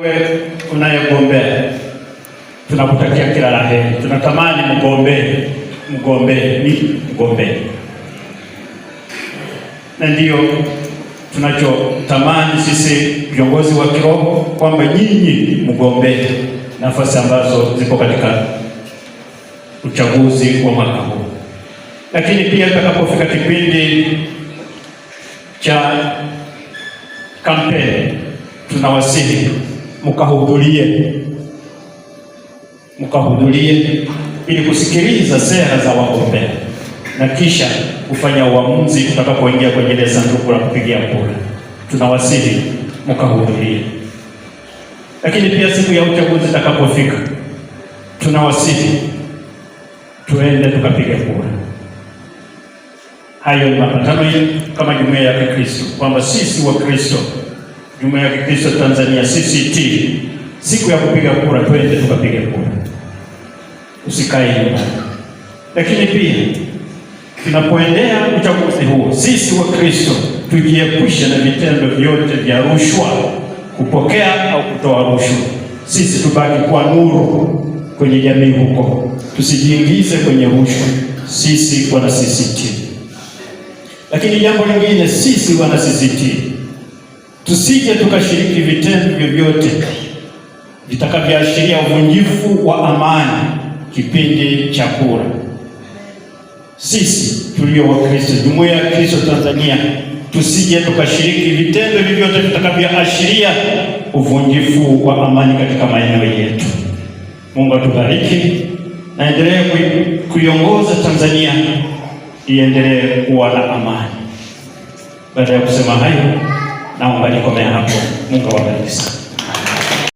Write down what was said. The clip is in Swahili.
Wewe unayegombea tunakutakia kila la heri, tunatamani mgombee, mgombee ni mgombee, na ndiyo tunachotamani sisi viongozi wa kiroho kwamba nyinyi mgombee nafasi ambazo zipo katika uchaguzi wa mwaka huu, lakini pia tutakapofika kipindi cha kampeni tunawasihi mkahudhurie, mkahudhurie ili kusikiliza sera za wagombea na kisha kufanya uamuzi tutakapoingia kwenye ile sanduku la kupigia kura. Tunawasihi mkahudhurie, lakini pia siku ya uchaguzi itakapofika, tunawasihi tuende tukapiga kura. Hayo ni mapatano yetu kama jumuiya ya Kikristo kwamba sisi wa Kristo Jumuiya ya Kikristo Tanzania CCT, siku ya kupiga kura, twende tukapiga kura, usikae nyumbani. Lakini pia tunapoendea uchaguzi huo, sisi wa kristo tujiepushe na vitendo vyote vya rushwa, kupokea au kutoa rushwa. Sisi tubaki kwa nuru kwenye jamii huko, tusijiingize kwenye rushwa, sisi wana CCT. Lakini jambo lingine, sisi wana CCT tusije tukashiriki vitendo vyovyote vitakavyoashiria uvunjifu wa amani kipindi cha kura. Sisi tulio Kristo, jumuiya ya Kristo Tanzania, tusije tukashiriki vitendo vyovyote vitakavyoashiria uvunjifu wa amani katika maeneo yetu. Mungu atubariki, naendelee kuiongoza Tanzania iendelee kuwa na amani. Baada ya kusema hayo naomba nikomea hapo. Mungu awabariki.